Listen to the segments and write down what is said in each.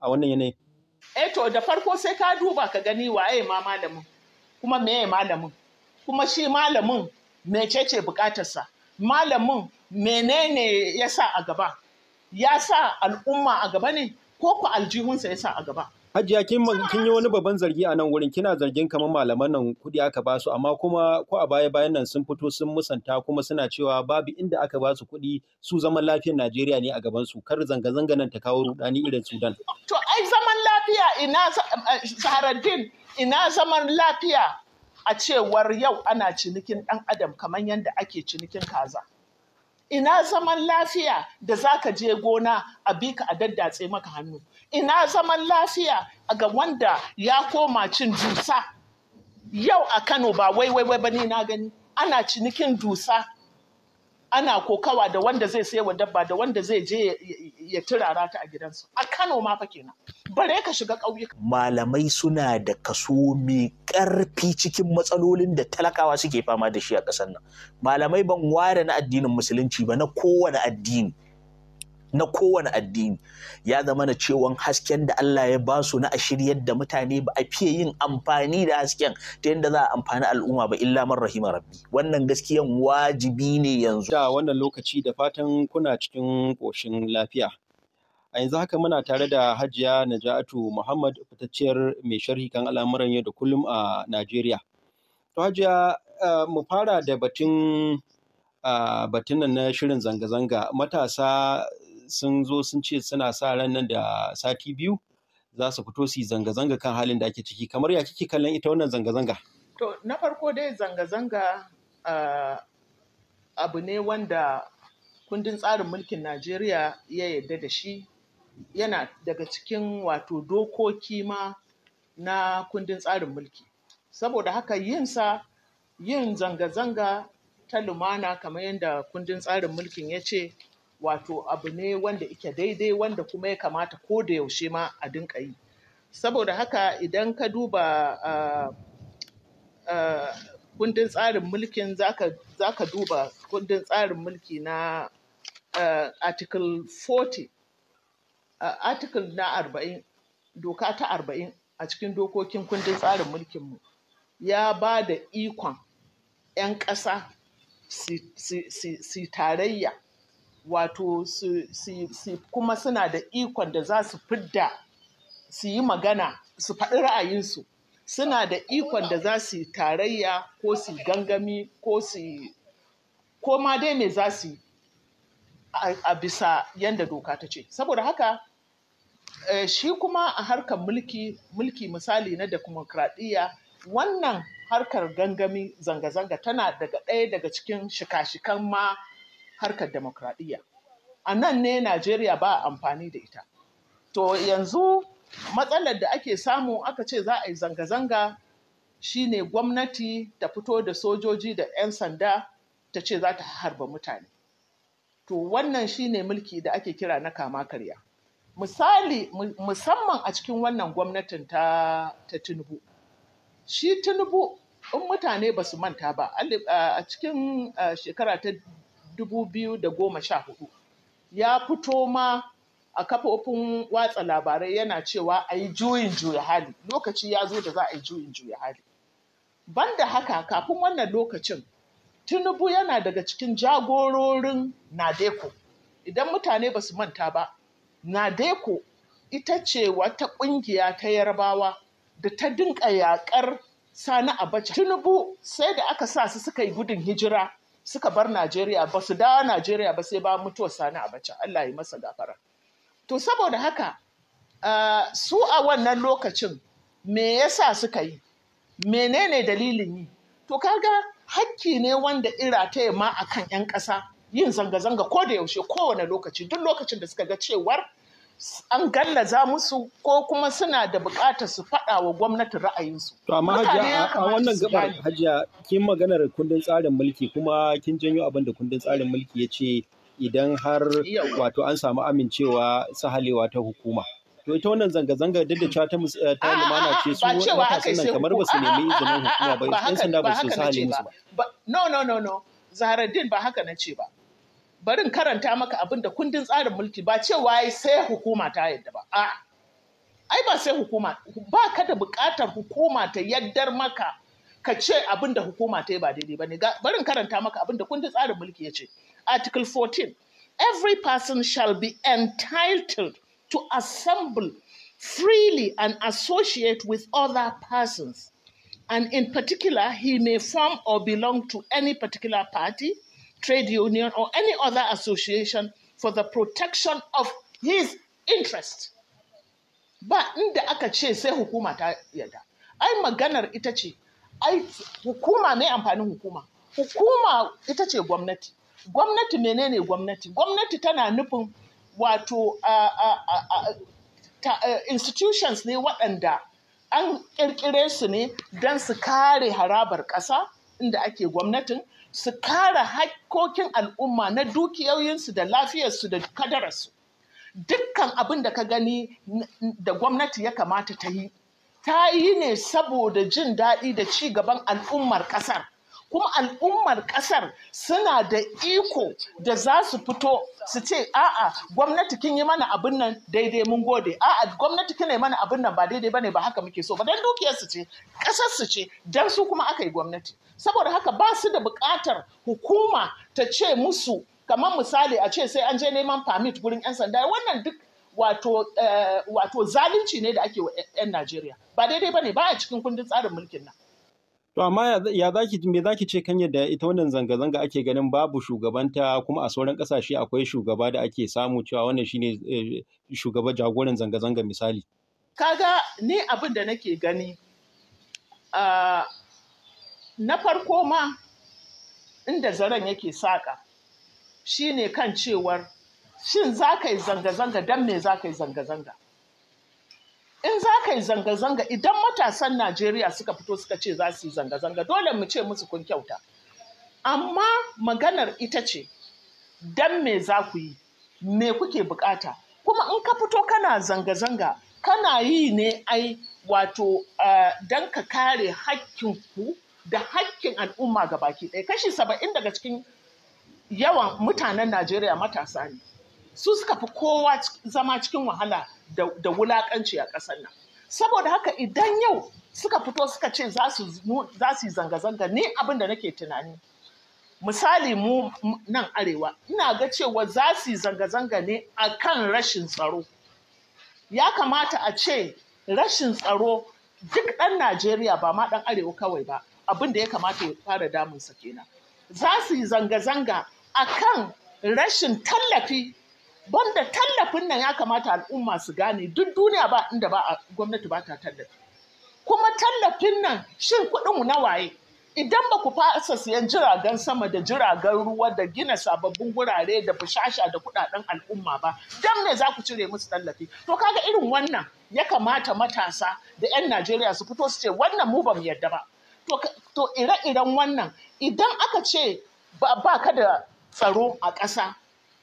a wannan yanayin? Eh to da farko sai ka duba ka gani waye ma malamin kuma ya malamin kuma shi malamin mecece bukatarsa malamin menene ya sa a gaba ya sa al'umma a gaba ne ko ku aljihunsa ya sa a gaba Hajiya kin yi wani babban zargi a nan wurin kina zargin kamar malaman nan kuɗi aka ba su amma kuma ko a baya bayan nan sun fito sun musanta kuma suna cewa babu inda aka ba su kuɗi su zaman lafiyar Najeriya ne a gaban su kar zanga zanga nan ta kawo rudani irin Sudan. To ai zaman lafiya ina Saharaddin ina zaman lafiya a cewar yau ana cinikin ɗan adam kamar yadda ake cinikin kaza. ina zaman lafiya da za ka je gona a bi ka a daddatse maka hannu ina zaman lafiya ga wanda ya koma cin dusa yau a kano ba wai wai wai bane na gani ana cinikin dusa ana kokawa da wanda zai wa dabba da wanda zai je ya turara ta a gidansu a Kano ma fa kenan bare ka shiga ƙauyuka malamai suna da kaso mai ƙarfi cikin matsalolin da talakawa suke fama da shi a ƙasar nan malamai ban ware na addinin musulunci ba na kowane addini na kowane addini ya zama na cewan hasken da Allah ya basu na a shiryar da mutane ba a fiye yin amfani da hasken ta yadda za a amfani al'umma ba illa man rahima rabbi wannan gaskiyan wajibi ne yanzu da wannan lokaci da fatan kuna cikin koshin lafiya a yanzu haka muna tare da hajiya najatu muhammad fitacciyar mai sharhi kan al'amuran yau da kullum a najeriya to hajiya mu fara da batun batun nan na shirin zanga-zanga matasa sun zo sun ce suna sa ran nan da sati biyu za su fito su zanga-zanga kan halin da ake ciki kamar ya kike kallon ita wannan zanga-zanga to na farko dai zanga-zanga uh, abu ne wanda kundin tsarin mulkin najeriya ya yarda da shi yana daga cikin wato dokoki ma na kundin tsarin mulki saboda haka yinsa yin zanga-zanga ta lumana kamar yadda kundin tsarin mulkin ya ce wato abu ne wanda ike daidai wanda kuma ya kamata ko da yaushe ma a dinka yi saboda haka idan ka duba kundin tsarin mulkin za ka duba kundin tsarin mulki na article 40 article na 40 doka ta 40 a cikin dokokin kundin tsarin mulkinmu ya ba da ikon 'yan ƙasa su tarayya wato su kuma suna da ikon da za su fidda su yi magana su faɗi ra'ayinsu suna da ikon da za su yi tarayya ko su gangami ko su ko ma dai mai za su yi a bisa yadda doka ta ce saboda haka eh, shi kuma a harkar mulki mulki misali na demokradiyya wannan harkar gangami zanga-zanga tana daga ɗaya daga cikin shika-shikan ma harkar demokradiyya a nan ne najeriya ba amfani da ita to yanzu matsalar da ake samu aka ce za a yi zanga-zanga shine gwamnati ta fito da sojoji da 'yan sanda ta ce za ta harba mutane to wannan shine mulki da ake kira na kama karya misali musamman a cikin wannan gwamnatin ta, ta tinubu shi tinubu in mutane ba su manta ba a cikin shekara ta 2014 ya fito ma a kafofin watsa labarai yana cewa a yi juyin juya hali lokaci ya zo da za a yi juyin juya hali banda haka kafin wannan lokacin tinubu yana daga cikin jagororin nadeko idan mutane ba su manta ba nadeko ita ce wata ƙungiya ta yarbawa da ta dinka yaƙar sani a abacha tinubu sai da aka sa su suka yi gudun hijira suka bar Najeriya ba su da Najeriya ba sai ba mutuwar Sani a Abacha Allah ya masa gafara to saboda haka su a wannan lokacin me yasa suka yi menene dalilin yi to kaga hakki ne wanda ira ta ma akan 'yan ƙasa yin zanga-zanga ko da yaushe kowane lokaci duk lokacin da suka ga cewar an gallaza musu ko kuma suna da bukatar su faɗa wa gwamnati ra'ayinsu. To amma hajiya a wannan gabar hajiya kin maganar kundin tsarin mulki kuma kin janyo abin da kundin tsarin mulki ya ce idan har wato an samu amincewa sahalewa ta hukuma. To ita wannan zanga-zanga duk da ta lumana ce su matasan nan kamar ba su nemi izinin hukuma ba, 'yan sanda ba su sahale musu ba. No, no, no, no. Zaharaddin ba haka na ce ba. barin karanta maka abin da kundin tsarin mulki ba cewa sai hukuma ta yadda ba a ai ba sai hukuma ba ka da buƙatar hukuma ta yaddar maka ka ce abin da hukuma ta yi ba daidai ba ne barin karanta maka abin da kundin tsarin mulki ya ce article 14 every person shall be entitled to assemble freely and associate with other persons and in particular he may form or belong to any particular party trade union, or any other association for the protection of his interest. Ba inda aka ce sai hukuma ta yarda. Ai maganar ita ce, ai hukuma mai amfanin hukuma. Hukuma ita ce gwamnati. Gwamnati menene gwamnati? Gwamnati tana nufin wato institutions ne waɗanda an ƙirƙire su ne don su kare harabar ƙasa inda ake gwamnatin su kare hakkokin al'umma na dukiyoyinsu da lafiyarsu da kadararsu dukkan abin da ka gani da gwamnati ya kamata ta yi ta yi ne saboda jin daɗi da ci gaban al'ummar ƙasar kuma al'ummar kasar suna da iko da za su fito su ce a'a gwamnati kin yi mana abin nan daidai mun gode a'a gwamnati kin yi mana abin nan ba daidai bane ba haka muke so ba dan dukiyar su ce ƙasar su ce dan su kuma aka yi gwamnati saboda haka ba su da bukatar hukuma ta ce musu kamar misali a ce sai an je neman permit gurin 'yan sanda wannan duk wato eh, wato zalunci ne da ake wa 'yan Najeriya ba daidai bane ba a cikin kundin tsarin mulkin nan To amma ya zaki me zaki ce kan yadda ita wannan zanga-zanga ake ganin babu shugabanta kuma a sauran kasashe akwai shugaba da ake samu cewa wannan shine eh, shugaba jagoran zanga-zanga misali. Kaga ni abin da nake gani na farko ma inda zaren yake saƙa shine kan cewar shin za ka yi zanga-zanga don me za ka yi zanga-zanga. in za ka yi zanga-zanga idan matasan Najeriya suka fito suka ce za su yi zanga-zanga dole mu ce musu kun kyauta. Amma maganar ita ce, don me za ku yi, me kuke bukata, kuma in ka fito kana zanga-zanga kana yi ne ai wato uh, don ka kare hakkinku da hakkin al'umma ga baki ɗaya kashi saba'in daga cikin yawan mutanen Najeriya matasa ne. su suka fi kowa zama cikin wahala da wulakanci a ƙasar nan saboda haka idan yau suka fito suka ce za su zanga-zanga ne abin da nake tunani misali mu nan arewa ina ga cewa za su zanga-zanga ne a kan rashin tsaro ya kamata a ce rashin tsaro duk ɗan najeriya ba ma ɗan arewa kawai ba abin da ya kamata ya fara damunsa kenan za su yi zanga-zanga a kan rashin tallafi banda tallafin nan ya kamata al'umma su gane duk duniya ba inda ba gwamnati ba ta tallafi kuma tallafin nan shin kuɗinmu na waye idan ba ku fasa siyan jiragen sama da jiragen ruwa da gina sababbin wurare da fushasha da kuɗaɗen al'umma ba dan me za ku cire musu tallafi to kaga irin wannan ya kamata matasa da 'yan najeriya su fito su ce wannan mu ba mu yarda ba to ire-iren wannan idan aka ce ba ka da tsaro a ƙasa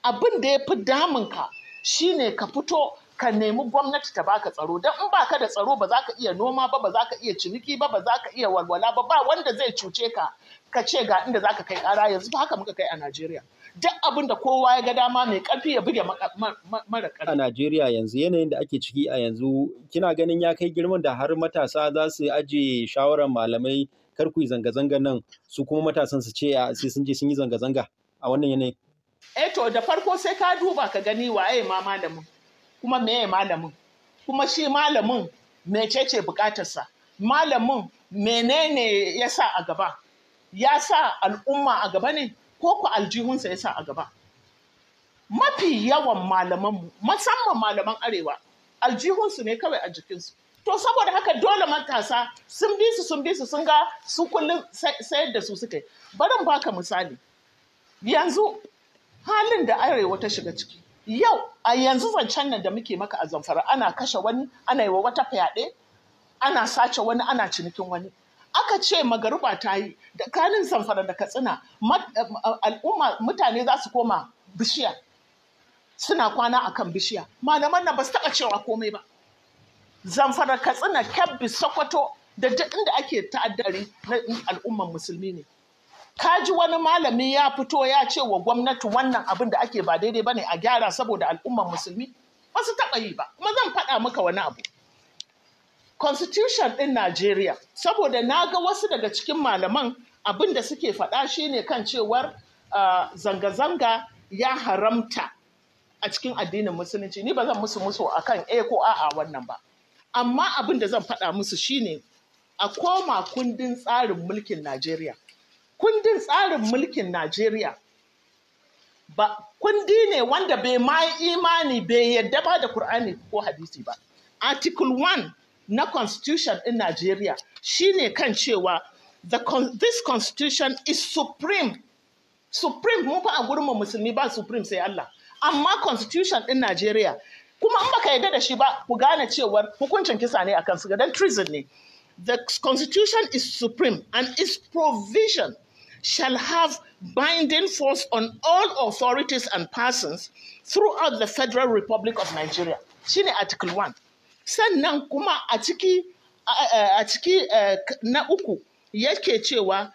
abin da ya fi damunka shine ka fito ka nemi gwamnati ta baka tsaro don in baka da tsaro ba za ka iya noma ba ba za ka iya ciniki ba ba za ka iya walwala ba ba wanda zai cuce ka ka ce ga inda za ka kai kara yanzu ba haka muka kai a Najeriya duk abin da kowa ya ga dama mai karfi ya buge mara karfi a Najeriya yanzu yanayin da ake ciki a yanzu kina ganin ya kai girman da har matasa za su aje shawarar malamai kar ku yi zanga-zanga nan su kuma matasan su ce sai sun je sun yi zanga-zanga a wannan yanayin eh to da farko sai ka duba ka gani waye ma malamin kuma ya malamin kuma shi malamin ce bukatarsa malamin menene ya sa a gaba ya sa al'umma a gaba ne ko ku aljihunsa ya sa a gaba mafi yawan malamanmu musamman malaman arewa aljihunsu ne kawai a jikinsu to saboda haka dole matasa sun bi su sun bi su sun ga su kullum sayar da su suka yi barin baka misali yanzu halin da arewa ta shiga ciki yau a yanzu zancen nan da muke maka a zamfara ana kashe wani ana yi wa wata fyaɗe ana sace wani ana cinikin wani aka ce magaruba ta yi da kanin zamfara da katsina al'umma mutane za su koma bishiya suna kwana a kan bishiya malaman nan ba su taɓa cewa komai ba zamfara katsina kebbi sokoto da duk inda ake ta'addari na al'umman musulmi ne ka ji wani malami ya fito ya ce wa gwamnati wannan abin da ake ba daidai bane a gyara saboda al'ummar musulmi ba su taɓa yi ba kuma zan faɗa maka wani abu constitution ɗin Najeriya saboda na ga wasu daga cikin malaman abin da suke faɗa shi ne kan cewar zanga-zanga ya haramta a cikin addinin musulunci ni ba zan musu musu a kan A ko a'a wannan ba amma abin da zan faɗa musu shine a koma kundin tsarin mulkin Najeriya kundin tsarin mulkin Najeriya ba kundi ne wanda bai ma imani bai yadda ba da Kur'ani ko hadisi ba. Article 1 na Constitution in Najeriya shine kan cewa the con this constitution is supreme supreme mun fa a gurin musulmi ba supreme sai Allah amma constitution din Najeriya kuma in baka yarda da shi ba ku gane cewar hukuncin kisa ne kan su treason ne the constitution is supreme and its provision shall have binding force on all authorities and persons throughout the Federal Republic of Nigeria. Shine Article 1. Sannan kuma a ciki eh, na uku yake cewa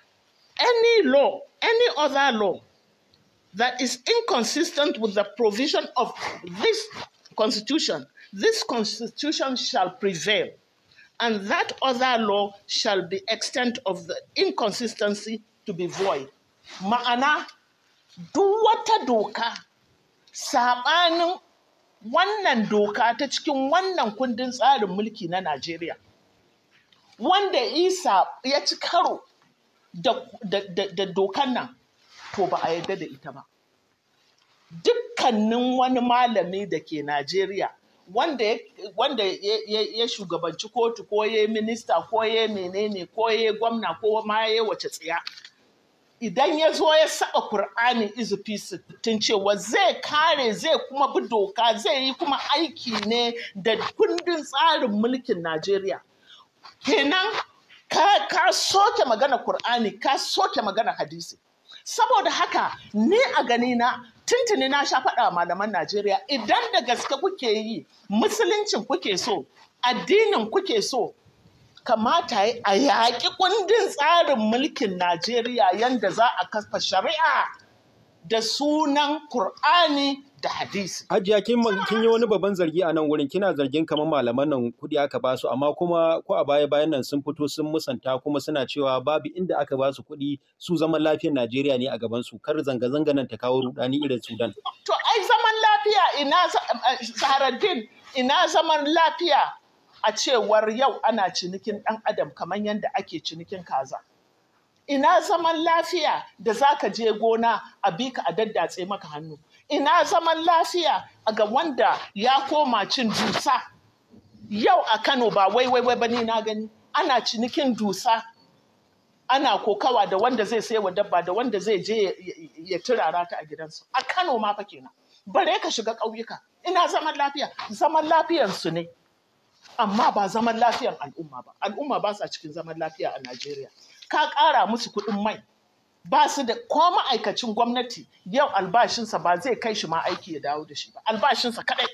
any law, any other law that is inconsistent with the provision of this constitution, this constitution shall prevail, and that other law shall be extent of the inconsistency to be void ma'ana duk wata doka saɓanin wannan doka ta cikin wannan kundin tsarin mulki na Najeriya wanda isa ya ci karo da dokan nan to ba a yarda da ita ba dukkanin wani malami da ke Najeriya wanda ya shugabanci kotu ko ya yi minista ko ya yi menene ko ya yi gwamna ko ma ya yi wace tsiya idan ya zo ya saba Kur'ani izufi sittin cewa zai kare zai kuma bi doka zai yi kuma aiki ne da kundin tsarin mulkin Najeriya. Kenan ka, soke magana Kur'ani ka soke magana hadisi. Saboda haka ni a gani na tuntuni na sha faɗa malaman Najeriya idan da gaske kuke yi musuluncin kuke so addinin kuke so kamata a yaƙi kundin tsarin mulkin Najeriya yadda za a kafa shari'a da sunan Kur'ani da hadisi. Hajiya kin yi wani babban zargi a nan wurin kina zargin kamar malaman nan kuɗi aka ba su amma kuma ko a baya bayan nan sun fito sun musanta kuma suna cewa babu inda aka basu su kuɗi su zaman lafiyar Najeriya ne a gaban su kar zanga-zanga nan ta kawo rudani irin Sudan. To ai zaman lafiya ina eh, ina zaman lafiya a cewar yau ana cinikin ɗan adam kamar yadda ake cinikin kaza. Ina zaman lafiya da za ka je gona a bi ka a daddatse maka hannu. Ina zaman lafiya ga wanda ya koma cin dusa. Yau a Kano ba wai wai wai ni na gani ana cinikin dusa ana kokawa da wanda zai sai wa dabba da wanda zai je ya turara ta a gidansu. A Kano ma fa kenan. Bare ka shiga ƙauyuka. Ina zaman lafiya, zaman lafiyansu ne. amma ba zaman lafiyar al'umma ba al'umma ba sa cikin zaman lafiya a Najeriya ka ƙara musu kuɗin mai ba su da ko ma'aikacin gwamnati yau albashinsa ba zai kai shi ma aiki ya dawo da shi ba albashinsa kaɗai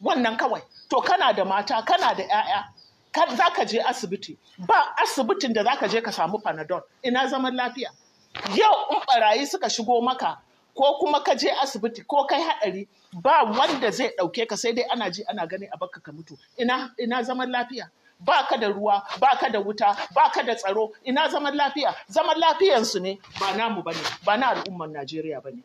wannan kawai to kana da mata kana da 'ya'ya za ka je asibiti ba asibitin da za ka je ka samu panadol ina zaman lafiya yau in barayi suka shigo maka ko kuma ka je asibiti ko kai haɗari ba wanda zai ɗauke ka sai dai ana ji ana gani a baka ka mutu ina zaman lafiya ba ka da ruwa ba ka da wuta ba ka da tsaro ina zaman lafiya zaman lafiyansu ne ba namu ba ne ba na al'ummar najeriya ba ne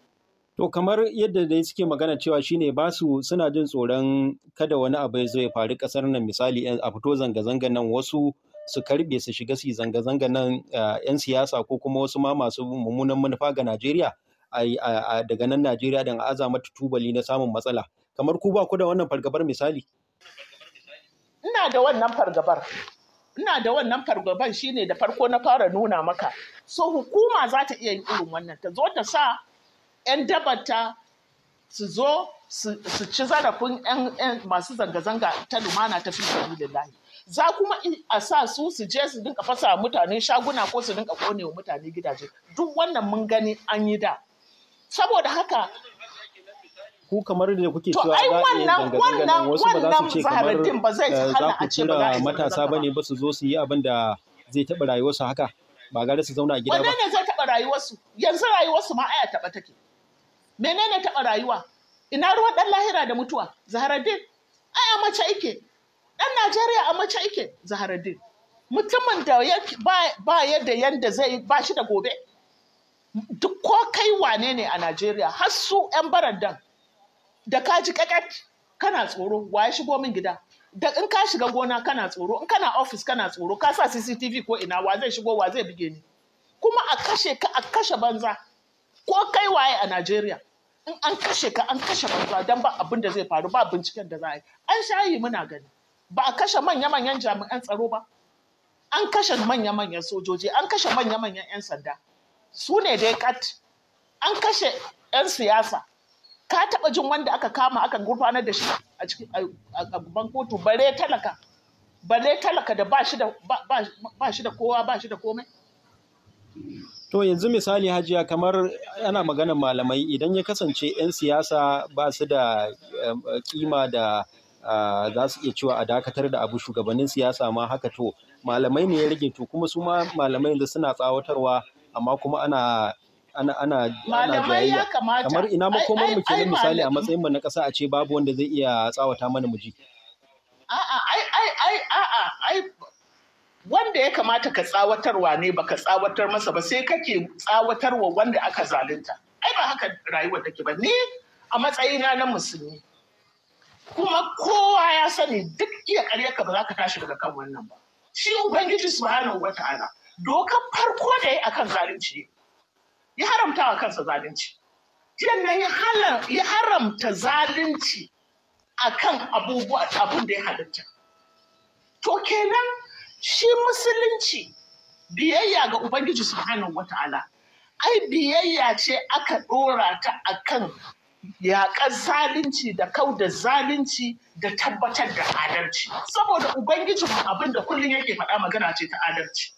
To kamar yadda dai suke magana cewa shine ba su suna jin tsoron kada wani abu zai ya faru kasar nan misali a fito zanga-zanga nan wasu su karbe su shiga su zanga-zanga nan 'yan ah, siyasa ko kuma wasu ma masu mummunan manufa ga Najeriya daga nan Najeriya don aza mata tubali na samun matsala kamar ku ba ku da wannan fargabar misali ina da wannan fargabar ina da wannan fargaban shine da farko na fara nuna maka so hukuma za ta iya yin irin wannan ta zo ta sa 'yan dabata su zo su ci zarafin 'yan masu zanga-zanga ta lumana ta fi za kuma a sa su su je su dinka fasa mutane shaguna ko su dinka kone wa mutane gidaje duk wannan mun gani an yi da saboda haka ku kamar da kuke cewa za a yi zanga wasu ba za su ce kamar eh, za ku cira matasa ba ne ba su zo su yi abin da zai taɓa rayuwarsu haka ba gare su zauna a gida ba. Wanne ne zai taɓa rayuwarsu? Yanzu rayuwarsu ma aya taɓa take. Menene taɓa rayuwa? Ina ruwan ɗan lahira da mutuwa? Zaharaddin. Ai a mace ike. Ɗan Najeriya a mace ike. Zaharaddin. Mutumin da ba yadda yanda zai ba shi da gobe. duk ko kai wane ne a Najeriya har su 'yan barandan da ka ji kakat kana tsoro wa ya shigo min gida da in ka shiga gona kana tsoro in kana ofis kana tsoro ka sa CCTV ko ina wa zai shigo wa zai bige ni kuma a kashe ka a kashe banza ko kai waye a Najeriya in an kashe ka an kashe banza dan ba abin da zai faru ba binciken da za a yi an shayi muna gani ba a kashe manya-manyan jami'an tsaro ba an kashe manya-manyan sojoji an kashe manya-manyan 'yan sanda su ne dai kat an kashe 'yan siyasa ka taba jin wanda aka kama aka gurfanar da shi a cikin gaban kotu bare talaka bare talaka da ba shi da kowa ba shi da komai to yanzu misali hajiya kamar ana maganar malamai idan ya kasance 'yan siyasa ba su da kima um, da uh, za su iya cewa a dakatar da abu shugabannin siyasa ma haka to malamai ne ya rage to kuma su ma malamai yanzu suna tsawatarwa amma kuma ana ana ana ana jayayya kamar ina makomar mu kenan misali a matsayin mu na ƙasa a ce babu wanda zai iya tsawata mana muji a'a ai ai ai a'a ai wanda ya kamata ka tsawatarwa ne baka tsawatar masa ba sai kake tsawatarwa wanda aka zalunta ai ba haka rayuwar take ba ni a matsayina na musulmi kuma kowa ya sani duk iya ka ba za ka tashi daga kan wannan ba shi ubangiji subhanahu wata'ala dokan farko da ya akan zalunci ya haramta a kansa zalunci sannan ya haramta zalunci akan abubuwa abin da ya halitta to kenan shi musulunci biyayya ga ubangiji subhanahu wata'ala ai biyayya ce aka ɗora ta akan yaƙar zalunci da kau da zalunci da tabbatar da adalci saboda ubangijin abin da kullum yake faɗa magana ce ta adalci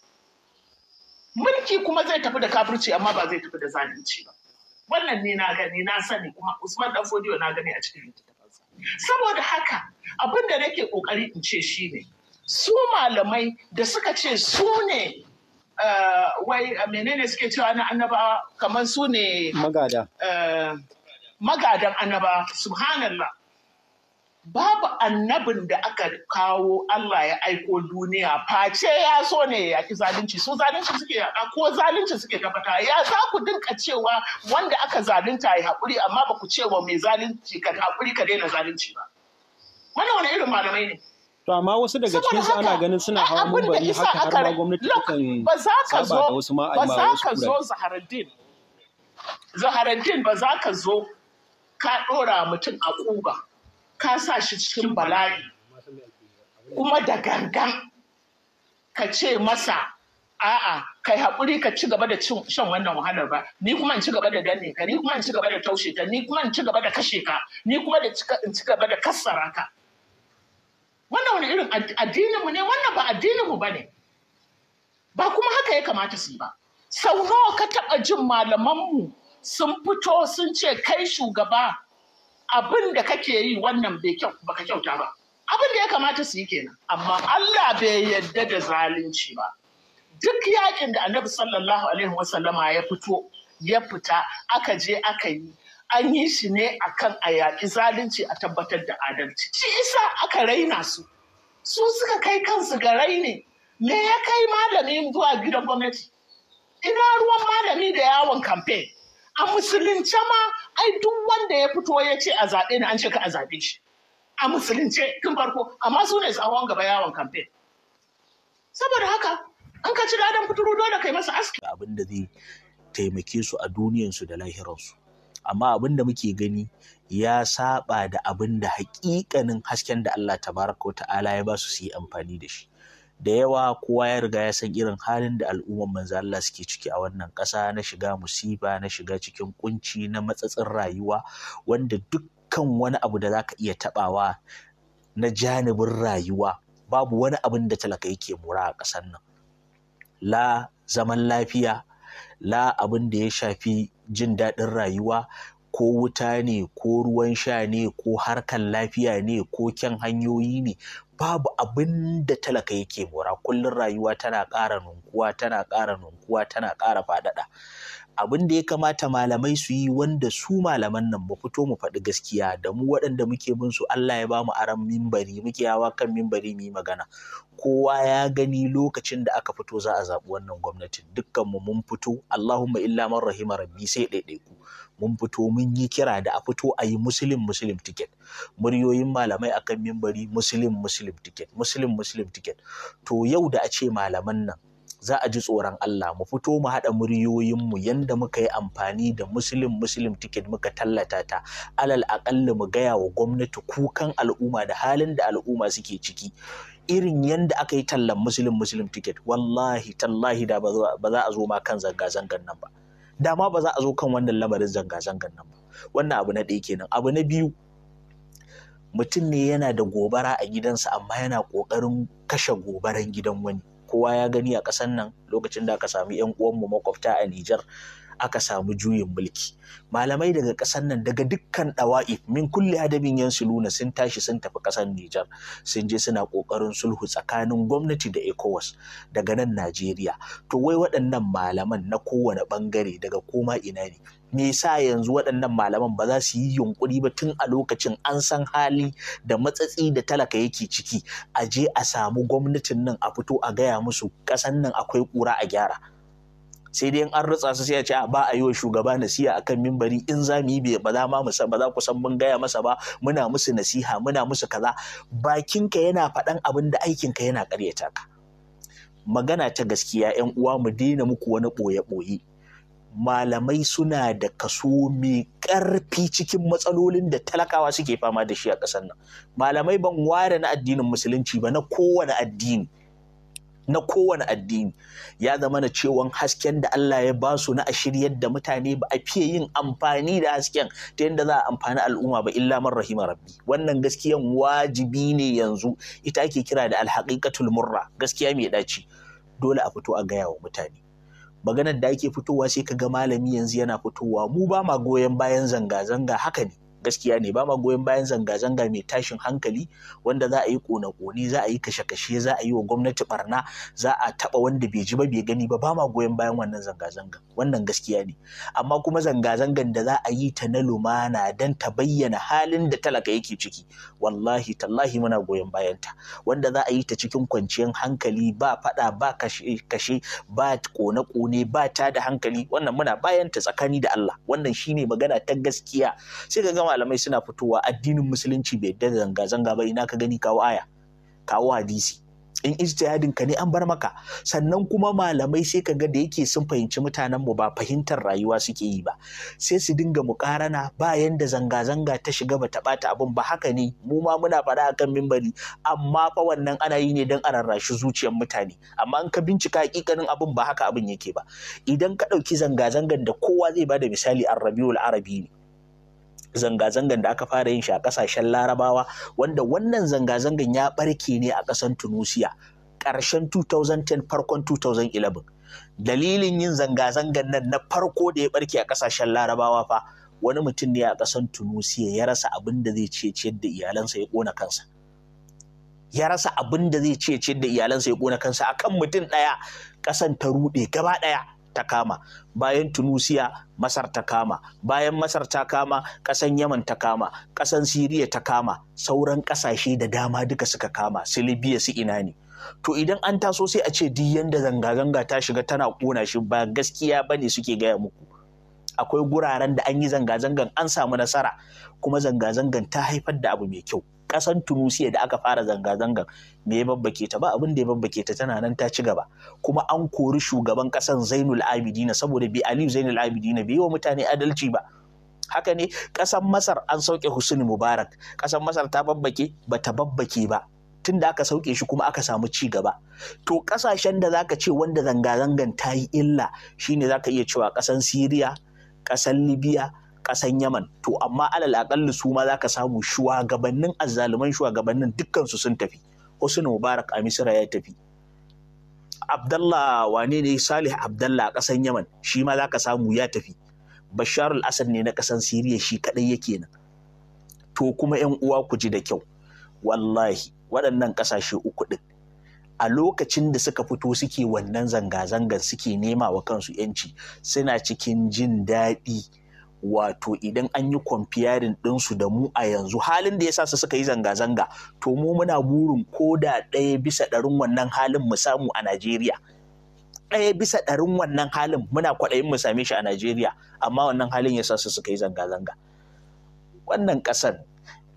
mulki kuma zai tafi da kafirci amma ba zai tafi da zalunci ba wannan ne na gani na sani kuma Usman dan Fodiyo na gani a cikin littattafansa saboda haka abin da nake kokari in ce shine su malamai da suka ce su ne eh, wai menene suke cewa na annaba kamar su ne eh, magadan annaba, subhanallah babu annabin da aka kawo Allah ya aiko duniya face ya so ne ya ki zalunci su zalunci suke yaƙa ko zalunci suke tabbata ya za ku dinka cewa wanda aka zalunta ya haƙuri amma ba ku cewa mai zalunci ka haƙuri ka daina zalunci ba Wannan wani irin malamai ne to amma wasu daga cikin su ana ganin suna hawa bari haka har ma gwamnati kan ba za ka zo ba za ka zo Zaharuddin Zaharuddin ba za ka zo ka ɗora mutum a ƙuba ka sa shi cikin bala'i kuma da gangan ka ce masa a'a kai haƙuri ka ci gaba da shan wannan wahalar ba ni kuma in ci gaba da danne ka ni kuma in ci gaba da taushe ka ni kuma in ci gaba da kashe ka ni kuma in ci gaba da kassara ka wannan wani irin addinin mu ne wannan ba addinin mu bane ba kuma haka ya kamata su ba. ba sauro ka taɓa jin malaman mu sun fito sun ce kai shugaba abin da kake yi wannan bai kyau baka kyauta ba abin da ya kamata su yi kenan amma Allah bai yadda da zalunci ba duk yaƙin da annabi sallallahu alaihi wasallama ya fito ya fita aka je aka yi an yi shi ne akan a yaƙi zalunci a tabbatar da adalci shi isa aka raina su su suka kai kansu ga raini me ya kai malami zuwa gidan gwamnati ina ruwan malami da yawon kamfe a musulunce ma ai duk wanda ya fito ya ce a zaɓe ni an ce ka a zaɓe shi a musulunce tun farko amma su ne tsawon gaba yawon kamfe saboda haka an ka ci ladan fituru dole kai masa aski abin da zai taimake su a duniyansu da lahirarsu amma abin da muke gani ya saba da abin da hakikanin hasken da Allah tabaraka ta'ala ya ba su su yi amfani da shi da yawa kowa ya riga ya san irin halin da al'ummar manzo Allah suke ciki a wannan ƙasa na shiga musiba na shiga cikin kunci na matsatsin rayuwa wanda dukkan wani abu da zaka iya tabawa na janibin rayuwa babu wani abin da talaka yake mura a ƙasar nan la zaman lafiya la abin da ya shafi jin daɗin rayuwa ko wuta ne ko ruwan sha ne ko harkan lafiya ne ko kyan hanyoyi ne babu abin da talaka yake mora kullum rayuwa tana ƙara nunkuwa tana ƙara nunkuwa tana ƙara faɗaɗa abin da ya kamata malamai su yi wanda su malaman nan mu fito mu faɗi gaskiya da mu waɗanda muke bin su Allah ya ba mu aran mimbari muke yawa kan mimbari mu yi magana kowa ya gani lokacin da aka fito za a zaɓi wannan gwamnatin dukkan mu mun fito Allahumma illa man rahima rabbi sai ɗaiɗaiku mun fito mun yi kira da a fito a yi muslim muslim ticket muryoyin malamai akan mimbari muslim muslim muslim ticket muslim muslim ticket to yau da a ce malaman nan za a ji tsoron Allah mu fito mu haɗa mu yanda muka yi amfani da muslim muslim ticket muka tallata ta alal aƙalli mu gaya wa gwamnati kukan al'umma da halin da al'umma suke ciki irin yanda aka yi tallan muslim muslim ticket wallahi tallahi da ba za a zo ma kan zanga-zangan nan ba dama ba za a zo kan wannan lamarin zanga-zangan nan ba wannan abu na ɗaya kenan abu na biyu mutum ne yana da gobara a gidansa amma yana ƙoƙarin kashe gobaran gidan wani kowa ya gani a ƙasan nan lokacin da aka sami 'yan uwanmu makwabta a Nijar aka samu juyin mulki malamai daga ƙasar nan daga dukkan ɗawa'if min kulli adabin yan suluna sun tashi sun tafi ƙasar Nijar sun je suna ƙoƙarin sulhu tsakanin gwamnati da ECOWAS daga nan Najeriya to wai waɗannan malaman na kowane ɓangare daga koma ina ne me sa yanzu waɗannan malaman ba za su yi yunƙuri ba tun a lokacin an san hali da matsatsi da talaka yake ciki a je a samu gwamnatin nan a fito a gaya musu ƙasan nan akwai ƙura a gyara sai dai an rutsa su sai a ce a ba a yi wa shugaba nasiha akan mimbari in za mu yi ba za ma mu ba za ku san mun gaya masa ba muna musu nasiha muna musu kaza bakinka yana faɗan abin da aikinka yana ƙaryata ka magana ta gaskiya yan uwa mu daina muku wani ɓoye-ɓoye malamai suna da kaso mai ƙarfi cikin matsalolin da talakawa suke fama da shi a ƙasar nan malamai ban ware na addinin musulunci ba na kowane addini na kowane addini ya zama na cewan hasken da Allah ya ba su na a shiryar da mutane ba a fiye yin amfani da hasken ta yadda za a amfani al'umma ba illa man rahima rabbi wannan gaskiyan wajibi ne yanzu ita ake kira da alhaqiqatul murra gaskiya mai ɗaci dole a fito a gaya wa mutane maganar da ake fitowa sai ka ga malami yanzu yana fitowa mu ba ma goyon bayan zanga-zanga haka ne gaskiya ne ba ma goyon bayan zanga-zanga mai tashin hankali wanda za a yi kone-kone za a yi kashe-kashe za a yi wa gwamnati barna za a taba wanda bai ji ba bai gani ba ba ma goyon bayan wannan zanga-zanga wannan gaskiya ne amma kuma zanga-zangan da za a yi ta na lumana don ta bayyana halin da talaka yake ciki wallahi tallahi muna goyon bayan ta wanda za a yi ta cikin kwanciyar hankali ba fada ba kashe-kashe ba kone-kone ba ta da hankali wannan muna bayan ta tsakani da Allah wannan shine magana ta gaskiya sai ka gama malamai suna fitowa addinin musulunci bai da zanga zanga ba ina ka gani kawo aya kawo hadisi in ijtihadin ka ne an bar maka sannan kuma malamai sai ka ga da yake sun fahimci mutanen mu ba fahimtar rayuwa suke yi ba sai su dinga mukarana ba yanda zanga zanga ta shiga ba ta bata abin ba haka ne mu ma muna faɗa akan mimbari amma fa wannan ana yi ne don a rarrashi zuciyar mutane amma an ka bincika hakikanin abin ba haka abin yake ba idan ka ɗauki zanga zangan da kowa zai bada misali arrabiul arabi ne zanga-zangan da aka fara yin shi a kasashen larabawa wanda wannan zanga-zangan ya barke ne a ƙasan tunisia ƙarshen 2010 farkon 2011 dalilin yin zanga-zangan nan na farko da ya barke a ƙasashen larabawa fa wani mutum ne a ƙasan tunisia ya rasa abin da zai ce ciyar da iyalansa ya ƙona kansa ya rasa abin da zai ce ciyar da iyalansa ya ƙona kansa akan mutum ɗaya ƙasan ta ruɗe gaba ɗaya ta kama bayan tunusiya masar ta kama bayan masar ta kama kasan yaman ta kama kasan siriya ta kama sauran kasashe da dama duka suka kama su libya su ina ne to idan an taso sai a ce duk yadda zanga-zanga ta shiga tana ƙona shi ba gaskiya ba ne suke gaya muku akwai guraren da an yi zanga-zangan an samu nasara kuma zanga-zangan ta haifar da abu mai kyau ƙasan tunusiya da aka fara zanga-zangar me ya babbake ta ba abin da ya babbake ta tana nan ta ci gaba kuma an kori shugaban ƙasan zainul abidina saboda bi aliyu zainul abidina bai yi wa mutane adalci ba haka ne ƙasar masar an sauke husni mubarak ƙasar masar ta babbake ba ta babbake ba tun da aka sauke shi kuma aka samu ci gaba to ƙasashen da zaka ce wanda zanga zangar ta yi illa shine zaka iya cewa ƙasan siriya ƙasan libya ƙasan Yaman to amma alal aƙalli su ma za ka samu shugabannin azzaluman shugabannin dukkan sun tafi Husnu Mubarak a Misra ya tafi Abdallah wane ne Salih Abdallah a ƙasan Yaman shi ma za ka samu ya tafi Bashar al-Assad ne na ƙasan Siriya shi kadai yake nan to kuma 'yan uwa ku ji da kyau wallahi waɗannan ƙasashe uku ɗin a lokacin da suka fito suke wannan zanga-zangar suke nema wa kansu yanci suna cikin jin daɗi wato idan an yi kwamfiyarin ɗinsu da mu a yanzu halin da ya sa su suka yi zanga-zanga to mu muna burin ko da ɗaya bisa ɗarin wannan halin mu samu a Najeriya ɗaya bisa ɗarin wannan halin muna kwaɗayin mu same shi a Najeriya amma wannan halin ya sa su suka yi zanga-zanga wannan ƙasar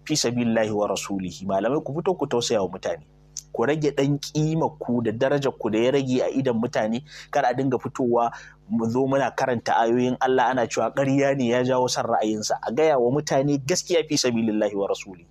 fi sabilillahi wa rasulihi malamai ku fito ku tausaya wa mutane ku rage ɗan ƙima ku da darajar ku da ya rage a idon mutane kar a dinga fitowa mu zo muna karanta ayoyin Allah ana cewa ƙarya ne ya jawo san ra'ayinsa a gaya wa mutane gaskiya fi sabilillahi wa rasuli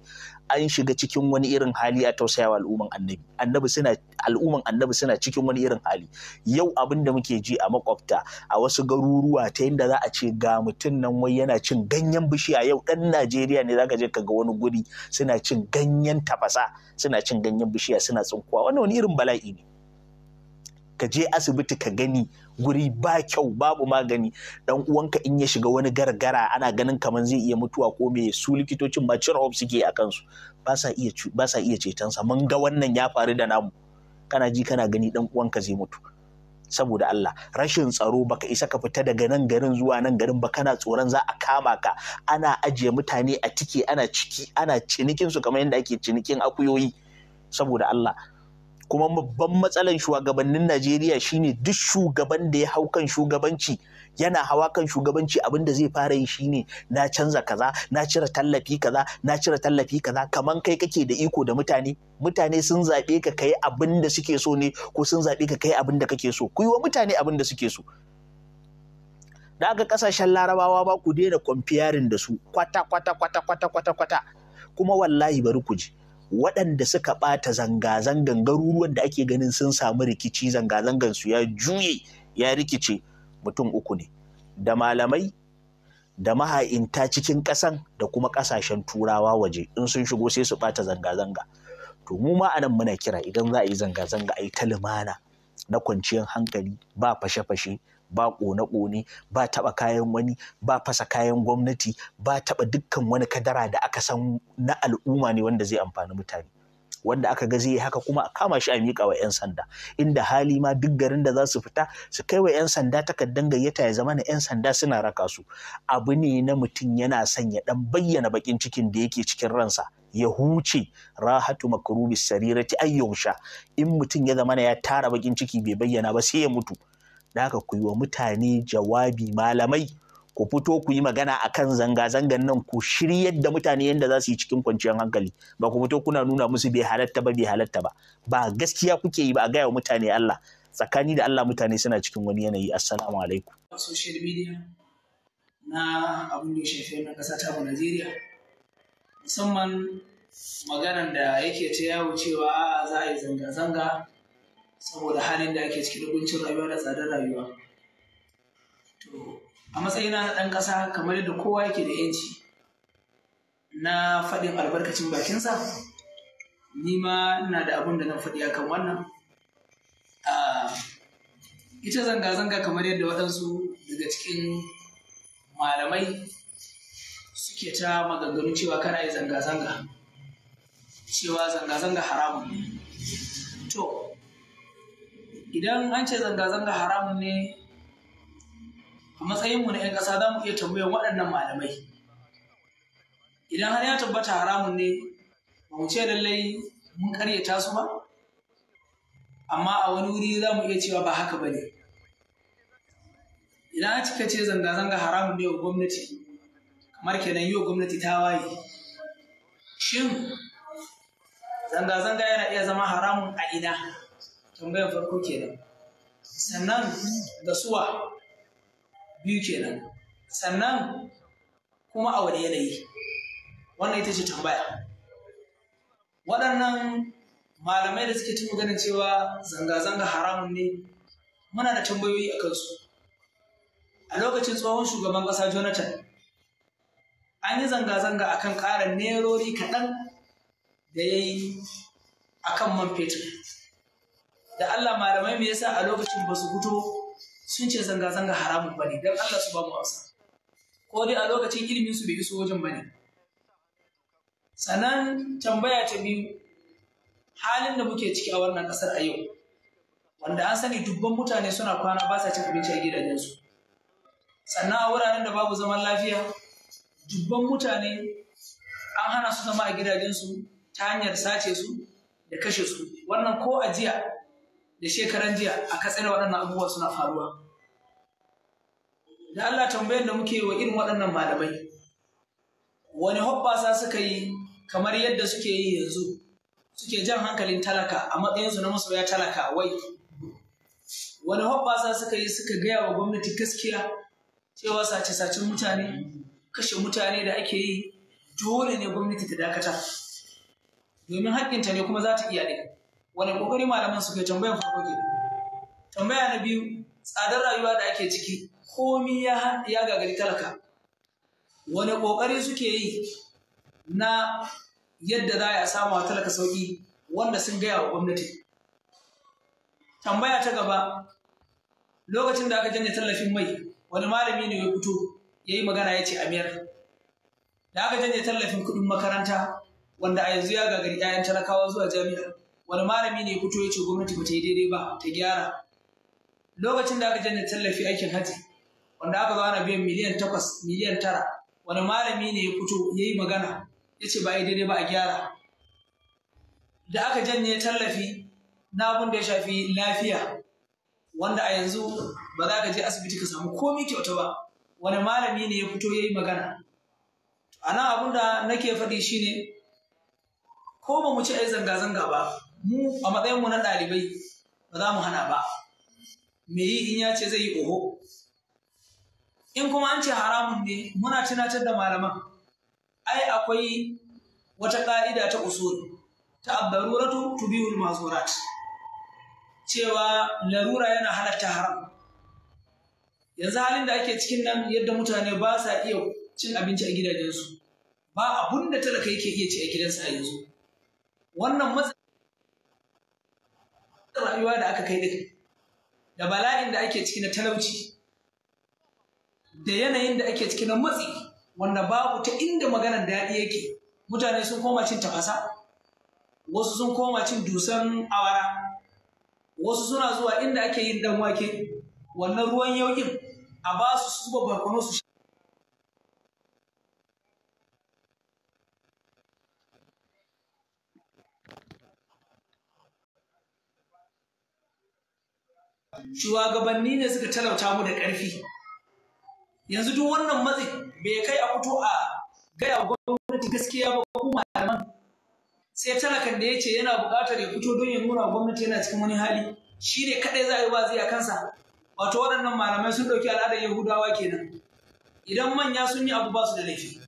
an shiga cikin wani irin hali a tausayawa al'umman annabi annabi suna al'umman annabi suna cikin wani irin hali yau abin da muke ji a makwabta a wasu garuruwa ta yadda za a ce ga mutum nan wai yana cin ganyen bishiya yau dan Najeriya ne zaka je ka ga wani guri suna cin ganyen tafasa suna cin ganyen bishiya suna tsinkuwa wannan wani irin bala'i ne ka je asibiti ka gani guri ba kyau babu magani dan uwanka in ya shiga wani gargara ana ganin kamar zai iya mutuwa ko me su likitocin ma cire hope suke akan su ba sa iya ba sa iya ceton sa mun ga wannan ya faru da namu kana ji kana gani dan uwanka zai mutu saboda Allah rashin tsaro baka isa ka fita daga nan garin zuwa nan garin ba kana tsoron za a kama ka ana ajiye mutane a tike ana ciki ana cinikin su kamar yadda ake cinikin akuyoyi saboda Allah kuma babban matsalan shugabannin Najeriya shine duk shugaban da ya hau kan shugabanci yana hawa kan shugabanci abin da zai fara yi shine na canza kaza na cire tallafi kaza na cire tallafi kaza kaman kai kake da iko da mutane mutane sun zaɓe ka kai abin da suke so ne ko sun zaɓe ka kai abin da kake so ku yi wa mutane abin da suke so da ga kasashen larabawa ba ku daina kwamfiyarin da su kwata kwata kwata kwata kwata kwata kuma wallahi bari ku ji waɗanda suka ɓata zanga-zangan garuruwan da ake ganin sun samu rikici zanga-zangan su ya juye ya rikice mutum uku ne da malamai da maha'inta cikin ƙasan da kuma ƙasashen turawa waje in sun shigo sai su ɓata zanga-zanga to mu ma anan muna kira idan za a yi zanga-zanga a yi ta lumana na kwanciyar hankali ba fashe-fashe ba ƙone-ƙone ba taɓa kayan wani ba fasa kayan gwamnati ba taɓa dukkan wani kadara da aka san na al'umma ne wanda zai amfani mutane wanda aka ga zai haka kuma a kama shi a miƙa wa 'yan sanda inda hali ma duk garin da za su fita su kai wa 'yan sanda takardar gayyata ya zama na 'yan sanda suna raka su abu ne na mutum yana son ya dan bayyana bakin cikin da yake cikin ransa ya huce rahatu makarubi sarirati ayyun sha in mutum ya zama ya tara bakin ciki bai bayyana ba sai ya mutu da haka ku yi wa mutane jawabi malamai ku fito ku yi magana akan zanga-zangan nan ku shiryar da mutane yadda za su yi cikin kwanciyar hankali ba ku fito kuna nuna musu bai halatta ba bai halatta ba ba gaskiya kuke yi ba a gaya wa mutane Allah tsakani da Allah mutane suna cikin wani yanayi assalamu alaikum social media na abin da ya shafi na ƙasa ta Najeriya musamman maganar da yake ta yawo cewa a'a za a yi zanga-zanga saboda halin da ake ciki da kuncin rayuwa da tsadar rayuwa to a matsayina na ɗan ƙasa kamar yadda kowa yake da yanci na faɗin albarkacin bakinsa ni ma ina da abin da na faɗi akan wannan ita zanga-zanga kamar yadda waɗansu daga cikin malamai suke ta maganganu cewa kana yi zanga-zanga cewa zanga-zanga haramun to idan an ce zanga-zanga haramun ne a matsayinmu na 'yan ƙasa za mu iya tambayan waɗannan malamai idan har ya tabbata haramun ne ba mu ce lallai mun karyata su ba amma a wani wuri za mu iya cewa ba haka ba ne idan an cika ce zanga-zanga haramun ne wa gwamnati kamar kenan yi wa gwamnati ta waye shin zanga-zanga yana iya zama haramun a ina tambayan farko kenan sannan da suwa biyu kenan sannan kuma a wani yanayi wannan ita ce tambaya waɗannan malamai da suke ta ganin cewa zanga-zanga haramun ne muna da tambayoyi a kansu a lokacin tsohon shugaban ƙasa jonathan an yi zanga-zanga a kan ƙara nerori kaɗan da ya yi a kan man fetur da Allah malamai me yasa a lokacin ba su fito sun ce zanga-zanga haramun bane don Allah su ba mu amsa ko dai a lokacin ilimin su bai iso wajen bane sannan tambaya ta biyu halin da muke ciki a wannan ƙasar a yau wanda an sani dubban mutane suna kwana ba sa cin abinci a gidajensu sannan a wuraren da babu zaman lafiya dubban mutane an hana su zama a gidajensu ta hanyar sace su da kashe su wannan ko a jiya da shekaran jiya a katsina waɗannan abubuwa suna faruwa da Allah tambayar da muke wa irin waɗannan malamai wani hoɓɓasa suka yi kamar yadda suke yi yanzu suke jan hankalin talaka a matsayinsu na masoya talaka wai wani hoɓɓasa suka yi suka gaya wa gwamnati gaskiya cewa sace-sacen mutane kashe mutane da ake yi dole ne gwamnati ta dakata domin haƙƙinta ne kuma za ta iya ɗaya wani kokari malaman su ke tambayan farko ke tambaya na biyu tsadar rayuwa da ake ciki komi ya ya gagari talaka wani kokari suke yi na yadda za a samu a talaka sauki wanda sun gaya wa gwamnati tambaya ta gaba lokacin da aka janye tallafin mai wani malami ne ya fito ya yi magana ya ce a miyar? da aka janye tallafin kuɗin makaranta wanda a yanzu ya gagari 'ya'yan talakawa zuwa jami'a wani malami ne fito ya ce gwamnati ba ta yi daidai ba ta gyara lokacin da aka janye tallafi aikin hajji, wanda aka zo ana biyan miliyan takwas miliyan tara wani malami ne ya fito ya yi magana ya ce ba yi daidai ba a gyara da aka janye tallafi na abin da ya shafi lafiya wanda a yanzu ba za ka je asibiti ka samu komi kyauta ba wani malami ne ya fito ya yi magana a nan abin da nake faɗi shine ko ba mu ci ai zanga-zanga ba mu a matsayinmu na ɗalibai ba za mu hana ba me yi in ya ce zai yi oho in kuma an ce haramun ne muna tunatar da malaman ai akwai wata ƙa'ida ta usul ta abdaruratu tubihul mazurat cewa larura yana halatta haram yanzu halin da ake cikin nan yadda mutane ba sa iya cin abinci a gidajensu ba abun da talaka yake iya ci a gidansa a yanzu wannan matsayin rayuwa da aka kai din da bala'in da ake ciki na talauci da yanayin da ake ciki na matsi wanda babu ta inda maganar daɗi yake mutane sun koma cin tafasa wasu sun koma cin dusan awara wasu suna zuwa inda ake yin dan wake wannan ruwan yaukin a ba su zuba barkono su shugabanni ne suka talauta mu da ƙarfi yanzu duk wannan matsi bai kai a fito a gaya wa gwamnati gaskiya ba ko malaman sai talakan da ya ce yana buƙatar ya fito don ya nuna gwamnati yana cikin wani hali shi ne kaɗai za a yi wazi a kansa wato waɗannan malamai sun ɗauki al'adar yahudawa kenan idan manya sun yi abu ba su da laifi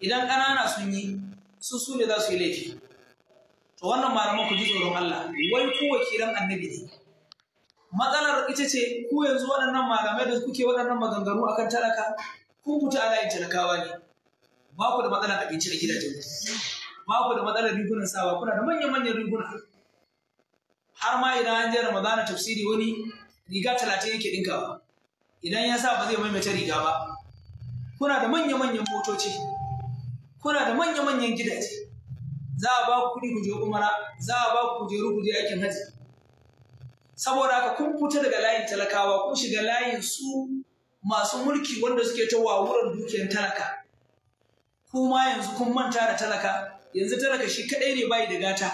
idan ƙanana sun yi su su ne za su yi laifi to wannan malaman ku ji tsoron Allah wai ku wakilan annabi ne matsalar ita ce ku yanzu waɗannan malamai da kuke waɗannan maganganu akan talaka ku kuta ana yin talakawa ne ba ku da matsalar abinci da gidajen ba ku da matsalar rigunan sawa kuna da manyan manyan riguna har ma idan an je ramadana tafsiri wani riga talatin yake ɗinkawa idan ya sa ba zai maimaita riga ba kuna da manya manyan motoci kuna da manya manyan gidaje za a ba ku kuɗi ku je umara za a ba ku kujeru ku je aikin hajji saboda haka kun fita daga layin talakawa kun shiga layin su masu mulki wanda suke ta wawuran dukiyar talaka kuma yanzu kun manta da talaka yanzu talaka shi kadai ne bai da gata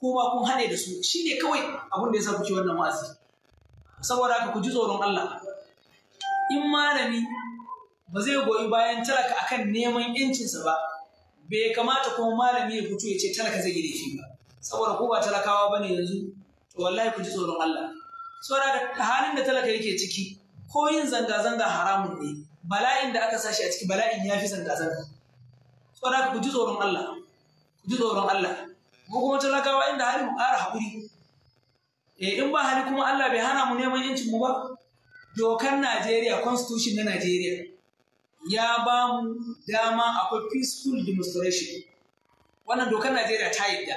kuma kun hane da su shine kawai abin da sa kuke wannan wa'azi saboda haka ku ji tsoron Allah in malami ba zai goyi bayan talaka akan neman yancinsa ba bai kamata kuma malami ya fito ya ce talaka zai yi laifi ba saboda ko ba talakawa bane yanzu to wallahi ku ji tsoron Allah saboda halin da talaka yake ciki ko yin zanga-zanga haramun ne bala'in da aka sashi a ciki bala'in ya fi zanga-zanga saboda ku ji tsoron Allah ku ji tsoron Allah Ko kuma talakawa inda hali mu ƙara haƙuri eh in ba hali kuma Allah bai hana mu neman yancin mu ba dokar Najeriya constitution na Najeriya ya ba mu dama akwai peaceful demonstration wannan dokar Najeriya ta yadda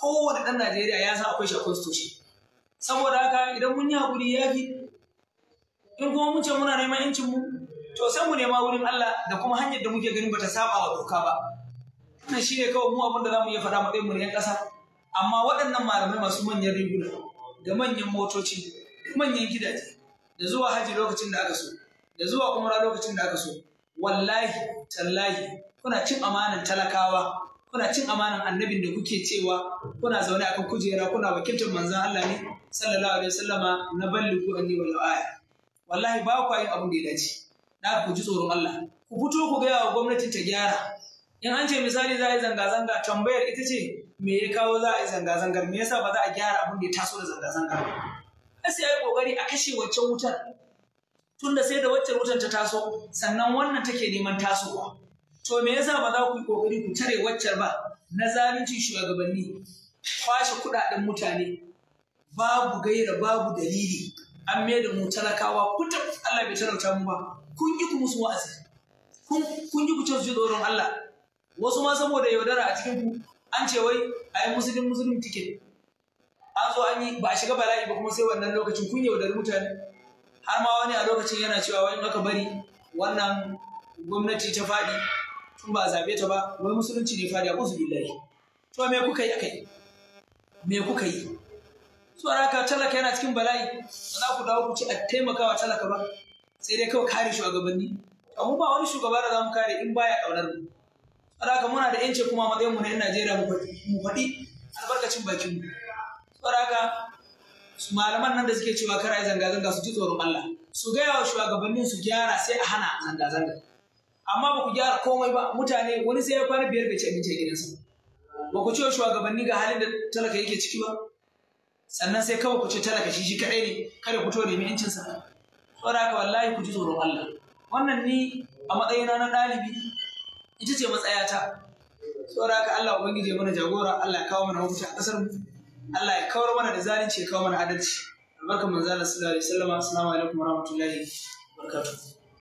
kowane ɗan Najeriya ya san akwai shi a constitution saboda haka idan mun yi haƙuri ya fi in kuma mun ce muna neman yancin mu to sai mu nema wurin Allah da kuma hanyar da muke ganin bata saba wa doka ba wannan ne kawai mu abin da za mu iya faɗa mu ɗaya mu ƙasa amma waɗannan malamai masu manyan riguna da manyan motoci manyan gidaje da zuwa haji lokacin da aka so da zuwa umra lokacin da aka so wallahi tallahi kuna cin amanan talakawa kuna cin amanan annabin da kuke cewa kuna zaune akan kujera kuna wakiltar manzon Allah ne sallallahu alaihi wasallama na balliku anni wal aya wallahi ba ku yin abin da ya dace na ku ji tsoron Allah ku fito ku ga wa gwamnati ta gyara in an ce misali za a yi zanga-zanga tambayar ita ce me ya kawo za a yi zanga-zangar me yasa ba za a gyara abin da ya taso da zanga-zanga ba sai a yi kokari a kashe waccan wutar tunda sai da waccan wutar ta taso sannan wannan take neman tasowa to me yasa ba za ku yi kokari ku tare waccar ba na zalunci shugabanni kwashe kudaden mutane babu gaira babu dalili an mai da mu talakawa kuta Allah bai talauta mu ba kun yi ku musu wa'azi kun yi ku ce su tsoron Allah wasu ma saboda yaudara a cikin ku an ce wai a yi musulun musulun tike an zo an yi ba a shiga bala'i ba kuma sai wannan lokacin kun yaudari mutane har ma wani a lokacin yana cewa wani aka bari wannan gwamnati ta faɗi in ba a zaɓe ta ba wani musulunci ne fadi a musu billahi to me kuka yi akai me kuka yi su haka talaka yana cikin bala'i za ku dawo ku ci a taimakawa talaka ba sai dai kawai kare shugabanni amma ba wani shugaba da za mu kare in baya kaunar mu haka muna da yanci kuma matsayin mu na yan Najeriya mu faɗi albarkacin bakin mu su malaman nan da suke cewa kara zanga-zanga su ji tsoron Allah su gaya wa shugabannin su gyara sai a hana zanga-zanga amma ba ku gyara komai ba mutane wani sai ya kwana biyar bai ci abinci a gidansa ba ku cewa shugabanni ga halin da talaka yake ciki ba sannan sai kawai ku ce talaka shi shi kaɗai ne kada ku tore mai yancin sa saboda haka wallahi ku ji tsoron Allah wannan ni a matsayina na ɗalibi ita ce matsayata saboda haka Allah ubangiji ya mana jagora Allah ya kawo mana mafita a ƙasar mu Allah ya kawar mana da zalunci ya kawo mana adalci barkan manzo Allah sallallahu alaihi wasallam assalamu alaikum warahmatullahi wabarakatuh